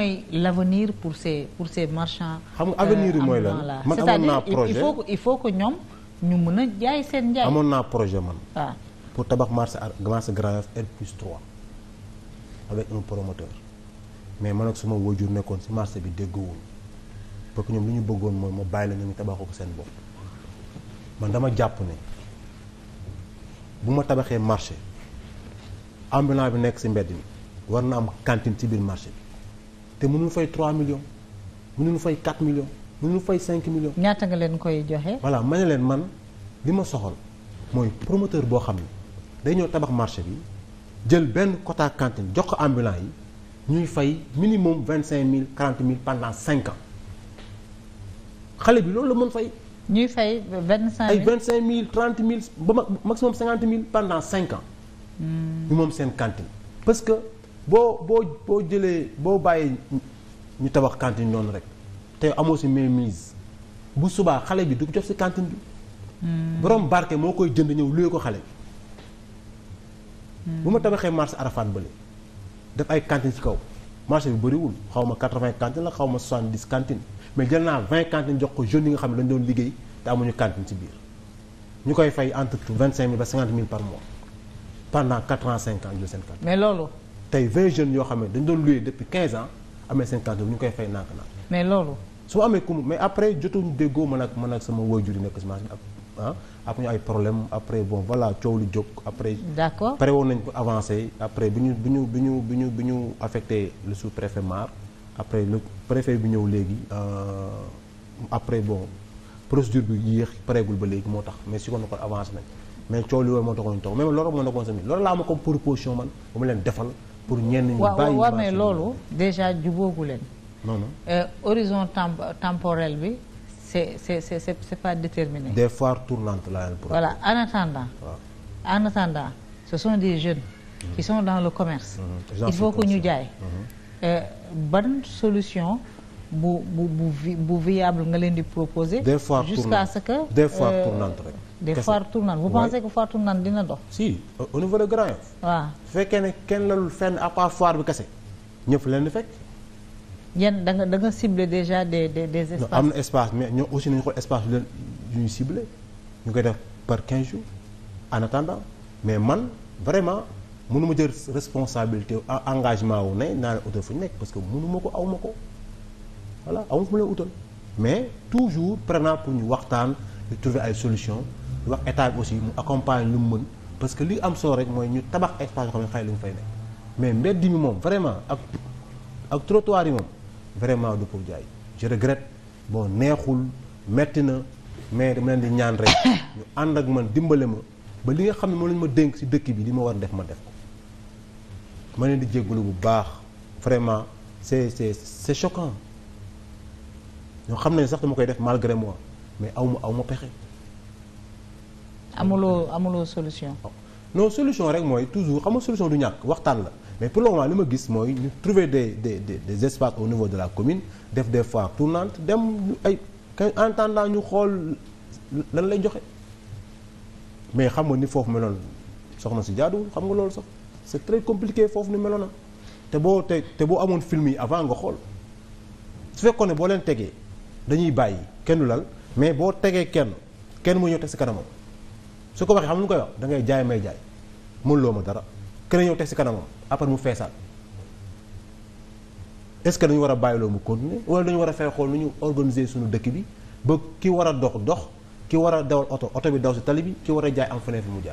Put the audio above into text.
mooy l'avenir pour ces pour ces marchands. xam nga avenir yi mooy lan euh, man amoon naa projet c'est-à-dire il faut que il ñoom ñu mën a jaay amoon naa projet man. waaw ah. pour tabax marché marché Grand Yoff R plus 3 avec un promoteur mais man ak suma waajur nekkoon si marché bi déggoowuñ parce que ñoom li ñu bëggoon mooy ma bàyyi la ñu tabaxoo ko seen bopp man dama jàpp ne bu ma tabaxee marché ambulant bi nekk si mbedd mi war na am cantine ci biir marché bi. te lu fay 3 millions mënuñu fay 4 millions mënuñu fay cinq millions. ñaata nga leen koy joxe. voilà ma leen man li ma soxal mooy promoteur boo xam ne day ñëw tabax marché bi jël benn quota cantine jox ko ambulant yi ñuy fay minimum 25000 40000 pendant 5 ans xale bi loolu la mën fay. ñuy fay vingt cinq mille cinq mille trente mille ba maximum cinquante mille pendant cinq ans. Hmm. ñu moom seen cantine parce boo boo boo jëlee boo bàyyi ñu tabax cantine noonu rek te amoo si mainmise bu subaa xale bi du ko jox si cantine bi. Hmm. borom barke moo koy jënd ñëw luye xale bi. Hmm. bu tabaxee marché Arafat bële def ay cantine ci kaw marché bi bëriwul xaw ma quatre xaw ma soixante-dix cantines mais jël naa vingt cantines jox ko jeunes yi nga xam ne dañu doon liggéey te amuñu cantine ci biir ñu koy fay entre vingt-cinq mille ba cinquante mille par mois pendant quatre ans cinq ans mais loolu. tey vingt jeunes yoo xam ne dañ doon loué depuis quinze ans amee cinquante ñu koy fay nànk nànk. mais loolu. su ma amee kum mais après jotuñu déggoo man ak man ak sama waajur yi nekk semence bi ak ah, ñu ay problème après bon voilà coow lu jóg après. d'accord pare woon nañ ko avancé après bi ñu bu ñu bu ñu bu ñu bi ñu affecté le sous Mar après le préfet bi ñëw léegi euh, après bon procédure bi yéex pareegul ba léegi moo tax mais su ko na kon avancé nañ mais coow li woowu moo taxoon ñu toog mais loolu moo nekkoon tamit loolu laa am comme proposition man ba mu leen defal. pour ñenn ñi bàyyi waaw mais loolu déjà jubóogu leen. non non euh, horizon temporel bi c'est c'est c'est c'est pas déterminé. des phares tournantes là. voilà en attendant. waaw en attendant ce sont des jeunes. qui sont dans le commerce. Mm-hmm. il faut que ñu jaay. Mm-hmm. Euh, ban solution. bu bu bu bu viable nga leen di proposer. des foires jusqu'à ce que des foires tournantes euh, rek. des foires tournantes vous pensez que foire tournante dina dox. si au niveau de Grand Yoff. waaw fekkee ne kenn lalul fenn à part foire bi kese ñëpp leen di fekk. yan da nga da nga ciblé déjà des des des espaces. am na espace mais ñoo aussi nañu xool espace yu leen yu ñu ciblé ñu koy def par 15 jours en attendant mais man vraiment mënu ma jël responsabilité engagement wu ne naa ne fu ñu nekk parce que mënu ma ko awma ko. voilà amul fu mais toujours prenant pour ñu waxtaan ñu ay solution wax état aussi mu accompagne mu mën parce que li am solo rek mooy ñu tabax espace yoo xam ne fay nekk mais mbedd mi moom vraiment ak ak trottoir yi vraiment du pour jaay je regrette bon neexul metti na mais dama leen di ñaan rek ñu ànd ak man dimbale ma ba li nga xam ne moom la ñu ma dénk ci dëkk bi li ma war def ma def ko ma leen di jéggalu bu baax vraiment c'est c'est c'est choquant ñoo xam nañ sax dama koy def malgré moi mais aw ma aw ma pexe. amuloo amuloo solution. non solution rek mooy toujours xam nga solution du ñàkk waxtaan la mais pour le moment li ma gis mooy ñu trouver des des des espaces au niveau de la commune def des foires tournantes dem ay en attendant ñu xool lan lay joxe mais xam nga ni foofu meloon soxna si jaaduwul xam nga loolu sax c'est très compliqué foofu ni meloon te boo te te boo amoon film avant nga xool su fekkoon ne boo leen tegee. dañuy bàyyi kenn du lal mais boo tegee kenn kenn mu ñëw teg si kanamam su ko waxee xam nu koy wax da ngay jaay may jaay mënuloo ma dara kenn ñëw teg si kanamam après mu feesaat est-ce dañu war a bàyyiloo mu continuer wala dañu war a fexe xool nu ñu organiser suñu dëkk bi ba ki war a dox dox ki war a dawal oto oto bi daw si tali bi ki war a jaay am feneen fi mu jaay.